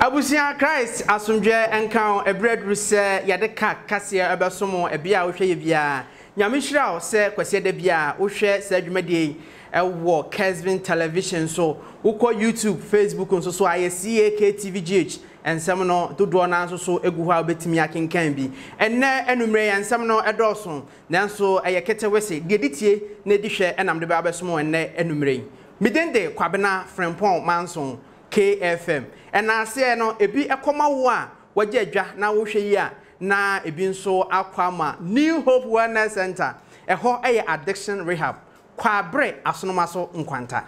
abusua christ asomdwe nka ebredu duru sɛ yɛde ka kaseɛ ɛbɛsom ɛbea a wohwɛ yɛ biara nyame hyira se sɛ kwasiɛ da bi a wohwɛ saa adwumadeɛ yi ɛwɔ kesvin television so wokɔ youtube facebook nso so ayɛ TVGH gh nsɛm no dodoɔ no nso so egu hɔ a wobɛtumi akenkan bi ɛnɛ enumere yɛ nsɛm no ɛdɔɔso nanso ɛyɛ ketewa se deɛ di tie na edi hwɛ ɛnam de bɛabɛsom ɛnɛ enumere yi midende kwabena frempɔn manson kfm ɛnaase no ebi ɛkɔma wo a wɔgye adwa na wohwɛ yi a na ebi nso akɔ ama new hope wellness center ɛhɔ yɛ addiction rehab kwabere asonoma so nkwanta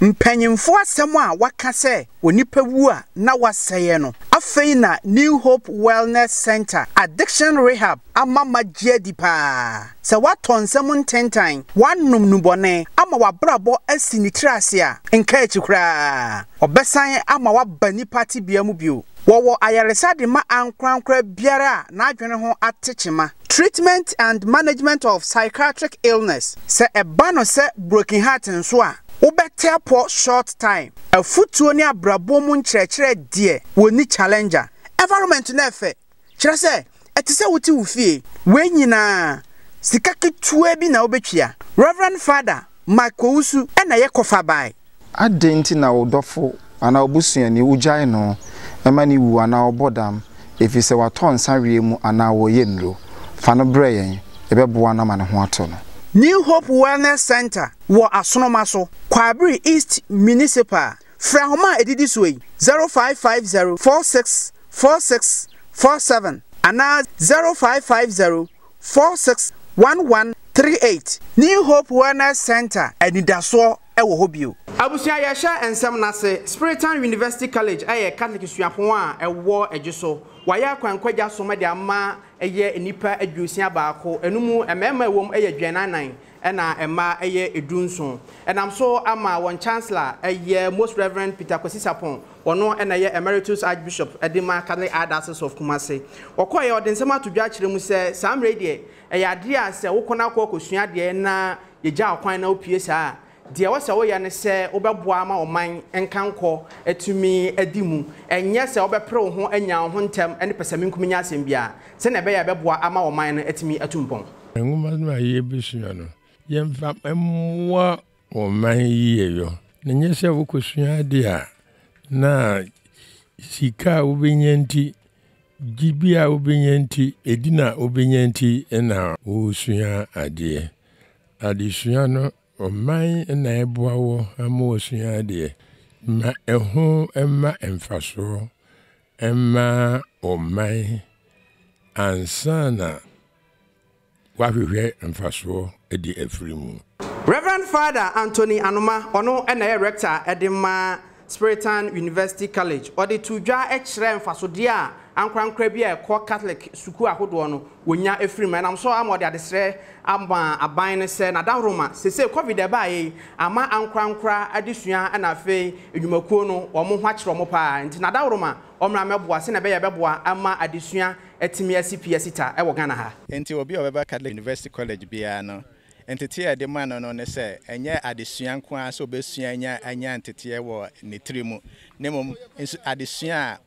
mpanyimfo asɛm a waka sɛ onipa wu a na wasɛeɛ no afei na new hope wellness center addiction rehab ama magye adi paa sɛ woatɔ nsɛm ntentan woanom nubɔne ama w'abrabɔ asi ne tiri ase a nka akyi koraa ɔbɛsan ama woaba nnipa tebea mu bio wɔwɔ ayaresa ma ankorankora biara a n'adwene ho ate kyema treatment and management of psychiatric illness sɛ ɛba no sɛ broken heart nso a wobɛte apɔ short time afotuo ne abrabɔ mu nkyerɛkyerɛ deɛ wɔni challenger environment no ɛfɛ kyerɛ sɛ ɛte sɛ wote wo fie wei nyinaa sika ketewa bi na wobɛtwia reverend father mike owusu ɛna yɛ kɔfa bae adɛn nti na wodɔfo anaa wobusuani wogyae no ɛma ne wu anaa ɔbɔ dam ɛfiri sɛ watɔ nsa wie mu anaa wɔyɛ nnuro fa no brɛ yɛn ɛbɛboa no ama ne ho ato no new hope wellness center wɔ asonoma so kwabere east municipal frɛ ahoma a ɛdidi so yi 0550 46 46 47 anaa 0550 46 11 38 new hope wellness center anidasoɔ ɛwɔ hɔ bio abusua yɛhyɛ nsɛm n'ase spiritan university college ɛyɛ catholic suapɔn a ɛwɔ ɛgye so wɔayɛ akwankwagya so mɛde ama ɛyɛ nnipa aduosia baako ɛnum mmarima ɛwɔ mu ɛyɛ dwananan ɛna mmaa ɛyɛ edu nson ɛnam so ama wɔn chancellor ɛyɛ most reverend peter kwesi sapon wɔn ɛna ɛyɛ emeritus archbishop ɛdima catholic archdiocese of kumase wɔkɔɛ ɔde nsɛm ato dwa akyerɛ mu sɛ saa mmerɛ deɛ ɛyɛ adeɛ a sɛ wokɔ n'akɔ kɔsua deɛ na yɛgya ɔkwan na opie saa deɛ wɔsɛ woyɛ ne sɛ wobɛboa ama ɔman nkankɔ atumi adi mu ɛnyɛ sɛ wobɛpere wo ho anya wo ho ntɛm ne pɛ sɛ menkumi nyɛ asɛm biara sɛnea ɛbɛyɛ ɛbɛboa ama ɔman no atumi atu mpɔn nwoma no a yɛbɛsua no yɛmfa mmoa ɔman yie yɔ na nyɛ sɛ wokɔsua ade a na sika a wobɛnya nti gyibi a wobɛnya nti ɛdi na wobɛnya nti na wɔsua adeɛ adesua no ɔman na ɛboa wɔ ama wɔsua adeɛ ma ɛho ma mfasoɔ ma ɔman ansa na wahwehwɛ mfasoɔ de afiri mu reverend father anthony anoma ɔno na ɛyɛ rector de ma spiritan university college ɔde to dwa kyerɛ mfasodeɛ a ankorankora bi a ɛkɔ catholic sukuu ahodoɔ no wɔnya ɛfiri mu ɛnam so ama ɔde adesrɛ ama aban no sɛ nadahoro sese covid ɛbaayɛ ama ankorankora adesua ɛna afei adwumakuo no wɔn ho akyerɛ wɔn paa nti nadahoro ma ɔmmra mɛboa sɛ na ɛbɛyɛ bɛboa ama adesua ɛtumi asi pia sita ɛwɔ ghana ha. nti obi a ɔbɛba catholic university college biara no nteteɛ a yɛde ma no no ne sɛ ɛnyɛ adesua nko ara sɛ obɛsua anya anya nteteɛ wɔ ne tiri mu ne mmom adesua a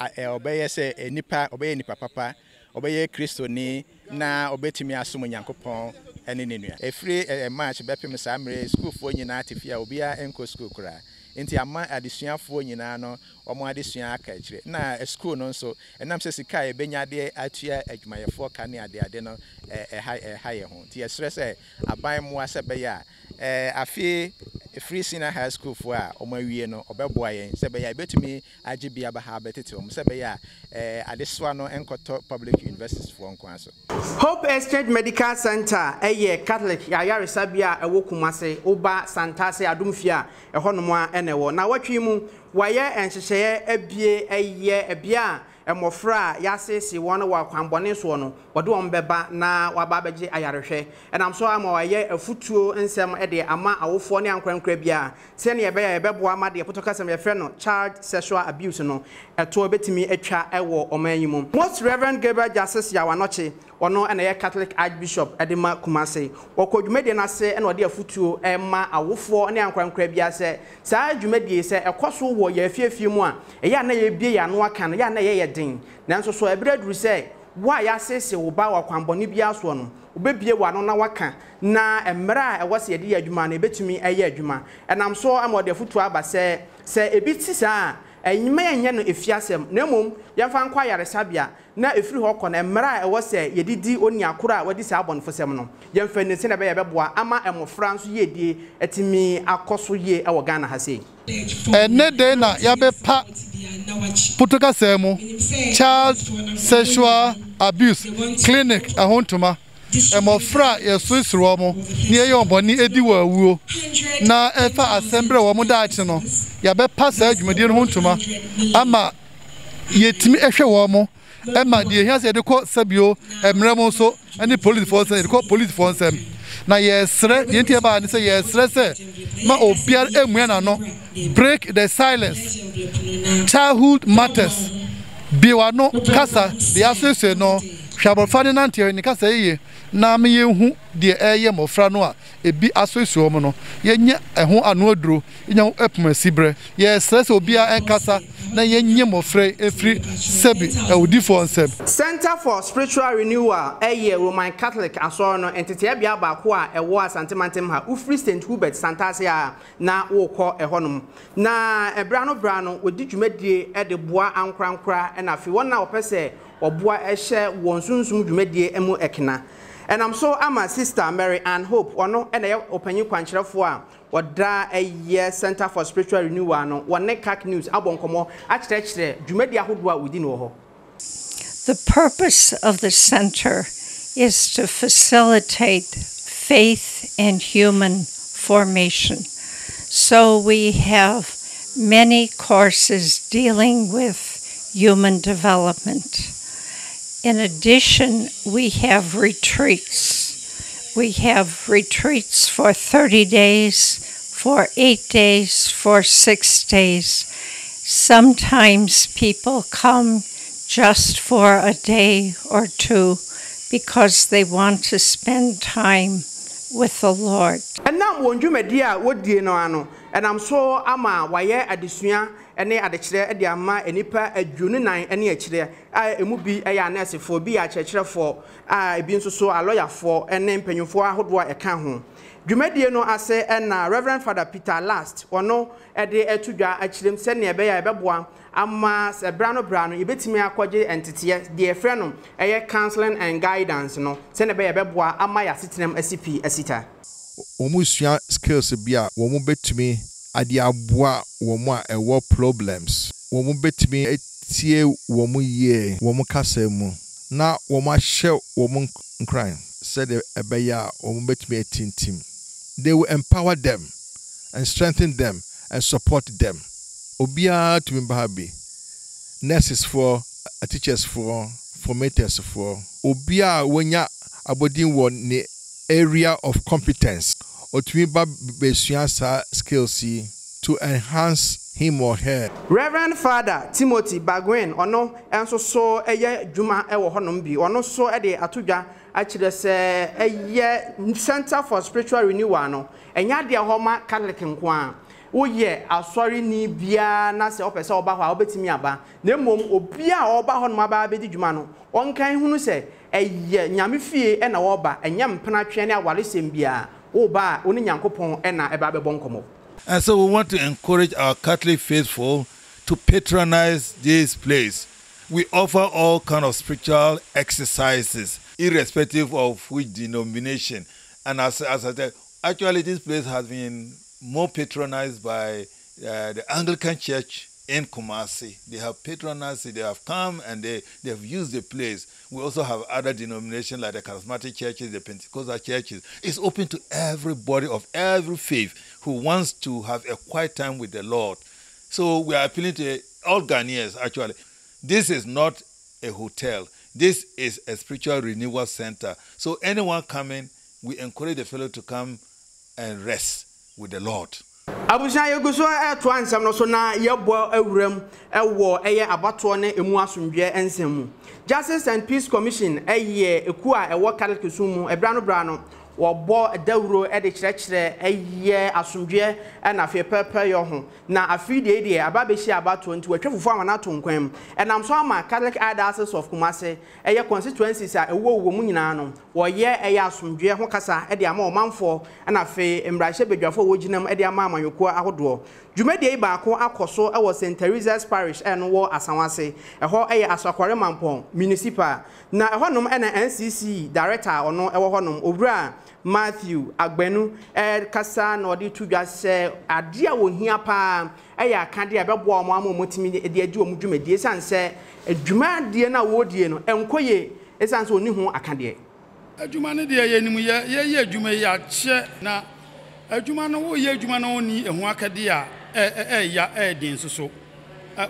ɔbɛyɛ eh, sɛ eh, nipa ɔbɛyɛ nipa papa ɔbɛyɛ kristoni na ɔbɛtumi asom nyankopɔn ne ne nua ɛfiri ɛ eh, march bɛpem saa mmerɛ sukuufoɔ nyinaa te fie a obiara nkɔ sukuu koraa nti ama adesuafoɔ nyinaa no wɔn adesua aka akyire na sukuu no nso ɛnam sɛ sika a yɛbɛnya de atua adwumayɛfoɔ ka ne adeade no ɛha ɛha yɛn ho nti yɛsrɛ sɛ aban mmoa sɛ bɛyɛ a ɛɛ afei efiri senior high school foɔ a wɔn awie no ɔbɛboa yɛn sɛ bɛyɛ a ebetumi agye bi aba ha abɛtete wɔn sɛ bɛyɛ a ɛɛ eh, adesoa no nkɔtɔ public universities foɔ nko aso. hope exchange medical center ɛyɛ catholic ayaresabea a ɛwɔ kumase oba santase adomfie a ɛhɔnom a ɛna ɛwɔ na wɔtwi mu wɔayɛ nhyehyɛeɛ abie ɛyɛ ebia. a mmɔfra a yɛasiesie wɔn wɔ akwanbɔne soɔ no wɔde wɔn bɛba na wɔaba abɛgye ayarehwɛ ɛnam so ama wɔayɛ afutuo nsɛm de ama awofoɔ ne ankorankora bi a sɛnea ɛbɛyɛ yɛbɛboa ama deɛ pɔtɔ kasɛm yɛfrɛ no child sexual abuse no ɛtoɔ bɛtumi atwa wɔ ɔman yi mu most reverend gabriel justice yawanɔkye ɔno ɛna yɛ catholic archbishop ɛde ma kumase wɔkɔ dwumadie n'ase ɛna ɔde afutuo ɛma awofoɔ ne ankorankora bi asɛ saa dwumadie sɛ ɛkɔ so wɔ yɛn mu a ɛyɛ a na yɛbie yɛn ano aka no yɛ a na yɛyɛ den nanso so ɛberɛ duru sɛ wa a yɛasese wo ba wakwanbɔne bi asoɔ no wobɛbie w'ano na waka na mmerɛ a ɛwɔ sɛ yɛde yɛ adwuma no ɛbɛtumi ɛyɛ adwuma ɛnam so ama ɔde aba sɛ sɛ ebi ti ɛnyima yɛnyɛ no efiasɛm na mmom yɛmfa nkɔ ayaresabea na ɛfiri hɔ kɔ no mmerɛ a ɛwɔ sɛ yɛdidi oni koro a wɔde saa abɔnefosɛm no yɛmfa ni sɛnea ɛbɛyɛ bɛboa ama mmɔfra nso yɛdie atumi akɔ so yie ɛwɔ ghana ha sei ɛnɛ dɛn na yɛbɛpa putokasɛɛ mu child sexual abuse clinic ahontoma mmɔfra a yɛsoresere wɔn na yɛyɛ ɔbɔni edi wɔ awuo na ɛfa asɛm brɛ wɔn daakye no yɛbɛpa saa dwumadie no ho ntoma ama yɛtumi ɛhwɛ wɔn ɛma deɛ ehia sɛ yɛde kɔ sɛbio mmerɛ mu nso ɛne polisifoɔ nsɛm yɛde kɔ polisifoɔ nsɛm na yɛsrɛ deɛ nti ɛbaa ne sɛ yɛsrɛ sɛ ma obiara emua n'ano break the silence childhood matters biwa no kasa deɛ asosɔ no. hwɛ abɔfra ne nanteɛ ne kasa yie na meyɛ hu deɛ ɛyɛ mmɔfra no a ebi aso esuo no yɛnyɛ ɛho ano aduro yɛnyɛ ho ɛpoma si berɛ yɛsrɛ sɛ obiara ɛnkasa na yɛnyɛ mmɔfra efiri sɛbi ɛwudifoɔ nsɛm. center for spiritual renewal ɛyɛ roman catholic asɔrɔ no nteteebea baako a ɛwɔ asantemantam ha ufiri st hubert santase a na wɔrekɔ ɛhɔnom na ɛbra no bra no wɔdi dwumadie ɛde boa ankorankora ɛna afei wɔn a wɔpɛ sɛ so sister mary ann hope a center for spiritual renewal news The purpose of the center is to facilitate faith and human formation. So we have many courses dealing with human development. In addition, we have retreats. We have retreats for 30 days, for eight days, for six days. Sometimes people come just for a day or two because they want to spend time with the Lord. ɛnam so ama wayɛ adesua ne adekyerɛ de ama nipa aduonu nan ne akyerɛ a emu bi yɛ anɛɛsefoɔ bi yɛ akyerɛkyerɛfoɔ a ebi nso so alɔyafoɔ ne mpanyinfoɔ ahodoɔ ɛka ho dwumadie no ase na reverend father peter last ɔno de ato dwa akyerɛ mu sɛnea ɛbɛyɛ a ɛbɛboa ama sɛ bra no bra no yɛbɛtumi akɔgye nteteɛ deɛ ɛfrɛ no ɛyɛ counseling and guidance no sɛnea ɛbɛyɛ ɛbɛboa ama yɛ asetenam asi pii asita wɔn sua skills bi a wɔn bɛtumi ade aboa wɔn a ɛwɔ problems wɔn bɛtumi tie wɔn yie wɔn kasa mu na wɔn ahyɛ wɔn nkran sɛdeɛ ɛbɛyɛ a wɔn bɛtumi atintim they will empower them and strengthen them and support them obiara tumi ba bi nurses foɔ teachers foɔ formators foɔ obiara wɔnya abɔden wɔ ne area of competence otumi ba besua saa skills yi to enhance him or her. reverend father timothy bagwin ɔno nso so yɛ adwuma wɔ hɔnom bi ɔno nso de ato dwa akyerɛ sɛ ɛyɛ center for spiritual renewal no ɛnyɛ adeɛ hɔ ma catholic nko a woyɛ asɔreni biara na sɛ ɔpɛ sɛ ɔba hɔ a wobɛtumi aba na mmom obiara a ɔba hɔnom aba abɛdi dwuma no ɔnkan hunu sɛ ɛyɛ nyame fie ɛna wɔba ɛnyɛ mpena twɛn ne awaresɛm biara woba a wo nyankopɔn ɛna ɛba bɛbɔ nkɔmmɔ And so we want to encourage our Catholic faithful to patronize this place. We offer all kind of spiritual exercises, irrespective of which denomination. And as, as I said, actually this place has been more patronized by uh, the Anglican Church in Kumasi. They have patronized they have come and they, they have used the place. We also have other denominations like the charismatic churches, the Pentecostal churches. It's open to everybody of every faith who wants to have a quiet time with the Lord. So we are appealing to all Ghanaians actually. This is not a hotel. This is a spiritual renewal center. So anyone coming, we encourage the fellow to come and rest with the Lord. abusua yɛgu so ɛɛtoa nsɛm no so na yɛbɔ awuram ɛwɔ ɛyɛ abatoɔ ne emu asomdwoeɛ nsɛm mu justice and peace commission ɛyɛ ekuo a ɛwɔ kadakesum mu ɛbra no bra no wɔbɔ dawuro de kyerɛkyerɛ yɛ asomdwoeɛ ɛna afei pɛpɛyɛ ho na afei deɛ deɛ aba bɛhyia abatoɔ nti wɔatwa fufuo ato nkwan mu ɛnam so ama catholic of kumase ɛyɛ constituencies a ɛwɔ wɔ mu nyinaa no wɔyɛ ɛyɛ asomdwoeɛ ho kasa de ama ɔmanfoɔ ɛna afei a wɔgyina ama amanyɔkuo ahodoɔ dwumadie baako akɔ so wɔ st teresa's parish ɛno wɔ na ɛhɔnom na ncc director ɔno wɔ matthew agbenu ɛkasa na ɔde tu dwa sɛ adeɛ a wɔhia paa ɛyɛ akadeɛ a ɛbɛboa wɔn ama wɔtumi de adi wɔn dwumadie san sɛ adwumadeɛ no a wɔredie no ɛnkɔ yie ɛsan sɛ ɔni ho akadeɛ. adwuma no deɛ yɛnim yɛ yɛyɛ adwuma yi akyɛ na adwuma no wɔyɛ adwuma no wɔnni ɛho akadeɛ a ɛɛya ɛɛden nso so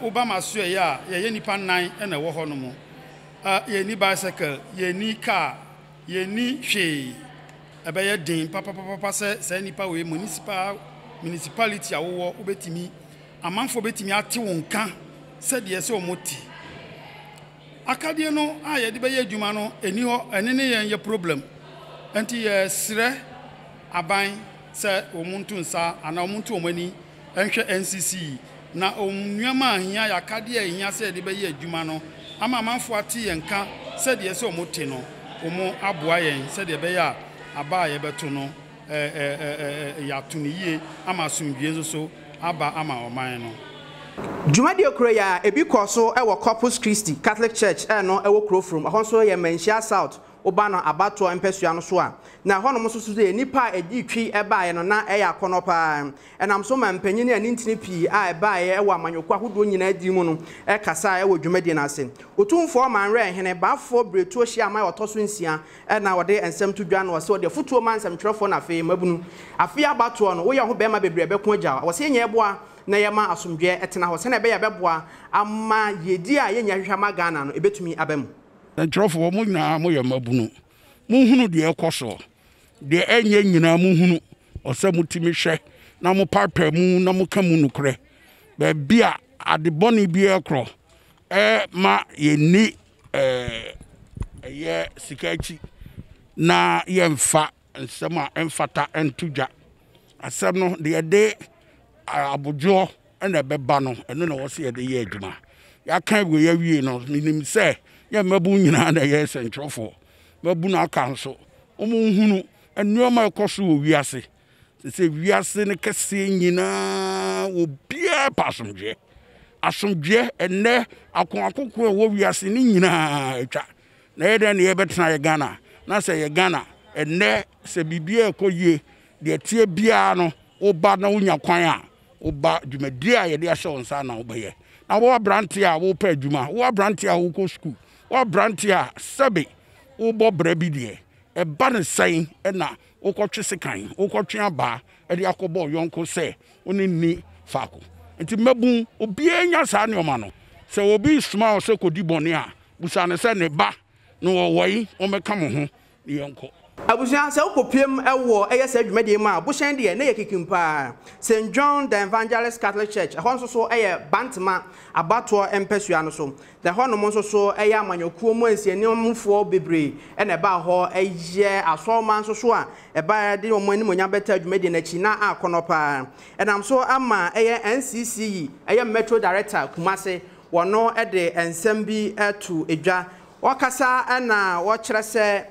woba ma so ɛyɛ a yɛyɛ nipa nan ɛna ɛwɔ hɔ nom. mu yɛni bicycle yɛni car yɛni hwee ɛbɛyɛ den papapapa sɛ sɛ nipa wei municipal municipality a wowɔ wobɛtumi amanfoɔ bɛtumi ate wo nka sɛdeɛ sɛ ɔmo te akadeɛ no a yɛde bɛyɛ adwuma no ɛni hɔ ɛne ne yɛn yɛ problem nti yɛsrɛ aban sɛ wɔn nto nsa anaa wɔn nto wɔn ani nhwɛ ncc na wɔn nneɛma ahia yɛ akadeɛ ahia sɛ yɛde bɛyɛ adwuma no ama amanfoɔ ate yɛn ka sɛdeɛ sɛ ɔmo te no wɔn aboa yɛn sɛdeɛ bɛyɛ a aba a yɛbɛto no yɛato no yie ama asomdwie nso so aba ama ɔman no dwumadie kuro yɛ a ebi kɔɔ so wɔ corpus christi catholic church ɛno wɔ kuro from ɛhɔ nso yɛ manhyia south woba no abatoɔ mpɛsua no a na hɔnom nso so sɛ nnipa a ɛdi twi no na ɛyɛ akɔnɔ paa ɛnam so ma mpanyin a ne ntini pii a ɛbaeɛ ɛwɔ amanyɔku ahodoɔ nyinaa di mu no ɛkasa ɛwɔ dwumadie no ase hene baafoɔ beretuo hyia ama ɔtɔ so nsia na ɔde nsɛm no woyɛ bebree na yɛma asomdwoeɛ ama yɛdi a yɛnya hwehwɛ ghana ntwerɛfoɔ mo nyinaa moyɛ mmabunu monhunu deɛ ɛkɔ soɔ deɛ ɛnyɛ nyinaa monhunu ɔsɛ motumi hwɛ na mopapɛ mu na moka mu nokorɛ baabi a ade bɔne biara korɔ ɛɛ ɛyɛ sika akyi na yɛmfa nsɛm a ɛmfata ɛnto dwa asɛm no deɛ yɛde abodwoɔ ɛna ɛbɛba no ɛno na wɔsɛ yɛde yɛ adwuma yɛaka awie awie no menim sɛ yɛ mmabu nyinaa na ɛyɛ nsɛntwerɛfoɔ mmabu no aka nso wɔnhunu nnoɔma ɛkɔ so wɔ wiase sɛ wiase no kɛseɛ nyinaa biaa pa asomdwoeɛ asomdwoeɛ ɛnɛ akoakoko a ɛwɔ wiase no nyinaa atwa na yɛ dɛn na yɛbɛtena yɛ ghana na sɛ yɛ ghana ɛnɛ sɛ biribiara ɛkɔ yie deɛ tie biara no woba na wonya kwan a woba dwumadie a yɛde ahyɛ wo nsa na wobɛyɛ na wo aberante a wopɛ adwuma wo aberante a wokɔ sukuu wabrante a sɛbe wobɔ brɛ bi deɛ ɛba ne sɛn ɛna wokɔtwe sekan wokɔtwe abaa ɛde akɔbɔ yɔnko sɛ wone ni faako nti mmabu obiara nya saa nneɔma no sɛ obi soma wo sɛ kɔdi bɔne a busa ne sɛ ne ba na wɔwɔi wɔmɛka mo ho ne yɛnkɔ abusua sɛ wokɔpiem wɔ ɛyɛ saa dwumadie mu a bohyɛn deɛ ne yɛ kikim paa st john the evangelist catholic church ɛhɔ nso so ɛyɛ bantema abatoɔ mpɛsua no so na ɛhɔnom nso so ɛyɛ amanyɔkuo mu ansianimfoɔ bebree ɛna ɛbaa hɔ ɛyɛ asɔɔma nso so a ɛbaa de anim animonyam bɛta dwumadie n'akyi na akɔnɔ paa ɛnam so ama ɛyɛ NCC ɛyɛ metro director kumase wɔno de nsɛm bi to edwa wɔkasa ɛna wɔkyerɛ sɛ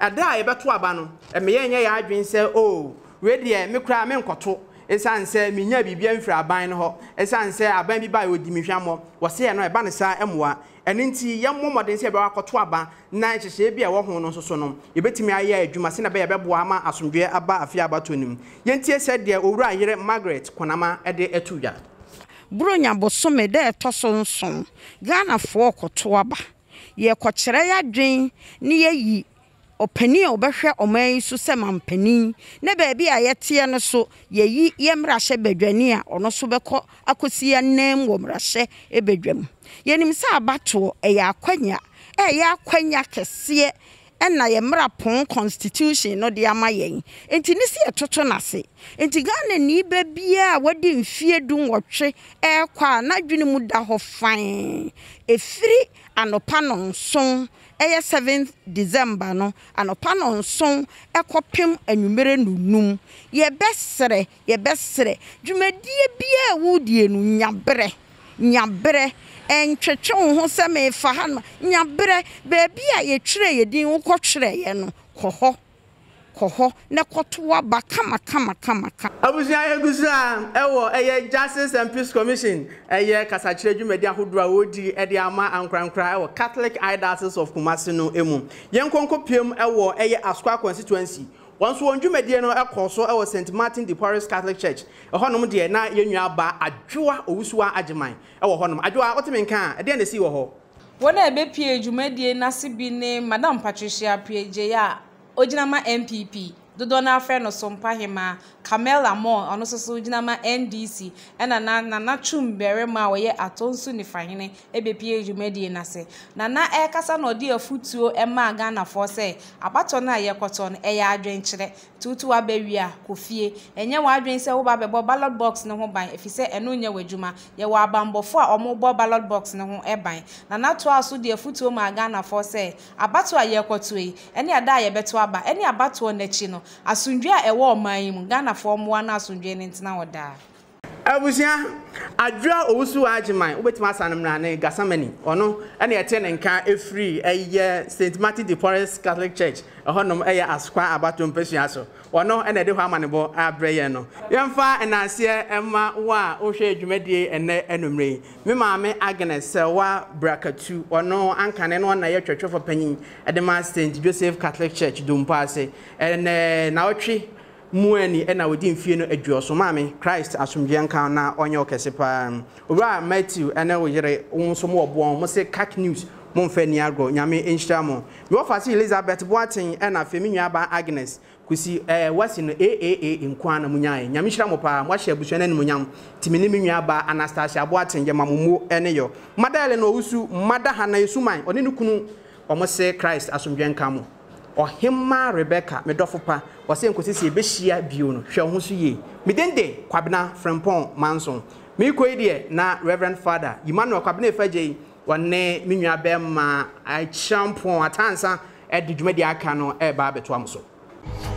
ɛda a yɛbɛto aba no ɛmɛyɛ nyɛ yɛ adwene sɛ oo wei deɛ me koraa me nkɔto ɛsiane sɛ menya biribia mfiri aban no hɔ ɛsiane sɛ aban bi baa ɔdi me hwammɔ wɔsɛ yɛ no ɛba ne saa ɛmmoa ɛno nti yɛmmɔ mmɔden sɛ yɛbɛwɔ akɔto aba na nhyehyɛeɛ bi a ɛwɔ ho no nso so no yɛbɛtumi ayɛ adwuma sɛ na bɛyɛ bɛboa ama asomdwoeɛ aba afei abatɔ no mu nti sɛ de owura yere margaret kɔnama de ato dwa buronya bosome dɛ ɛtɔ so nson ghanafoɔ kɔto aba yɛkɔkyerɛ yɛ adwen ne yɛyi Ọpanin a ɔbɛhwɛ ɔman yi so sɛ mampanin na baabi a yɛteɛ no so yɛyi yɛ mmarahyɛ badwani a ɔno so bɛkɔ akɔsi anam wɔ mmarahyɛ badwa mu yɛnim sɛ abatoɔ ɛyɛ akwanya ɛyɛ akwanya kɛseɛ ɛna yɛ mmara constitution no de ama yɛn nti ne si yɛtoto n'ase nti ghana ni ba biara a wadi mfie du nwɔtwe ɛrekɔ a n'adwene mu da hɔ fan efiri anɔpa nonson. ɛyɛ seventh december no anɔpa nɔnson ɛkɔpem anwummerɛ nunum yɛbɛserɛ yɛbɛserɛ dwumadie biara wodie no nyaberɛ nyaberɛ ntwetwe wo ho sɛ mefa ha no nyaberɛ baabi a yɛtwerɛ yɛdin wokɔtwerɛeɛ no kɔ hɔ akɔ hɔ na kɔto aba kamakamakama. abusua egusi a ɛwɔ ɛyɛ justice and peace commission ɛyɛ kasakyerɛ dwumadi ahodoɔ a wɔredi ɛde ama ankorankora ɛwɔ catholic diocese of kumasi no mu yɛn nkɔnkɔ piem ɛwɔ ɛyɛ asukwa constituency wọn nso wọn dwumadie no kɔ so wɔ st martin de paris catholic church ɛhɔnom deɛ na yɛn nua aba adwoa owusuwa agyeman wɔ hɔnom adwoa wɔtɛmɛ nkan a ɛdeɛ na esi wɔ hɔ. wɔn a ɛbɛpie dwumadie n'ase bi ne madam patricia piegye a ogyinama npp dodo na afrɛ no sompahema camela mall ɔno nso so gyina ma ndc ɛna na nana twum bɛrima a wɔyɛ atonso nifahene ebepie dwumadie n'ase nana ɛrekasa na ɔde afutuo ɛmaa ghanafoɔ sɛ abatɔ no a yɛkɔtɔ no ɛyɛ adwenkyerɛ kofie ɛnyɛ sɛ woba abɛbɔ ballot box ban efisɛ ɛno nyɛ w'adwuma yɛwɔ a wɔrebɔ ballot box ho nana asomdwe a ɛwɔ ɔman yi mu ghanafoɔ mmoa no asomdwe no ntena hɔ daa abusua adwira owusu agyeman wobɛtumi asa no mmra ne gasamani ɔno ɛne ɛte ne nka ɛfiri ɛyɛ st martin de forest catholic church ɛhɔnom ɛyɛ asokwa abato mpɛsua so ɔno ɛna ɛde hɔ amanebɔ abrɛ yɛn no yɛmfa ɛnanseɛ ɛma wo a wohwɛ dwumadie ɛnɛ ɛnumere yi me maame agnes wa brakatu ɔno ankane no ɔna yɛ twɛtwɛfo panyin ɛde ma st joseph catholic church dompo ase ɛnɛ naɔtwe mu ani ɛna wɔdi mfie no aduɔso maame christ asomdwea nka na ɔnyɛ ɔkɛse paa owura matthew ɛne wo yere wo nso mo ɔboɔ mo se kak news momfa ni agorɔ nyame nhyira mo mewɔfa se elizabeth boaten ɛna afei me nuaba agnes kusi ɛɛ eh, wasi no aaa nko ara na mo nyaayɛ nyame nhyira mo paa moahyɛ abusua no animonyam tìmí ne me nuaba anastasia boaten yɛ mamomo ɛne yɔ mmadayɛlɛ na ɔwusu mmada hana esuman ɔne ne kunu wɔn se christ asomdwea nka mo ɔhema rebeka medɔfo pa wɔsɛ nkɔsi sɛ yɛbɛhyia bio no hwɛ ho so yie medende kwabena frempɔn manson meekɔ yi deɛ na reverend father emmanuel kwabena ɛfagye yi wɔne me nua bɛma akyirampɔn atansa ɛde dwumadi aka no ɛreba abɛtoa mo so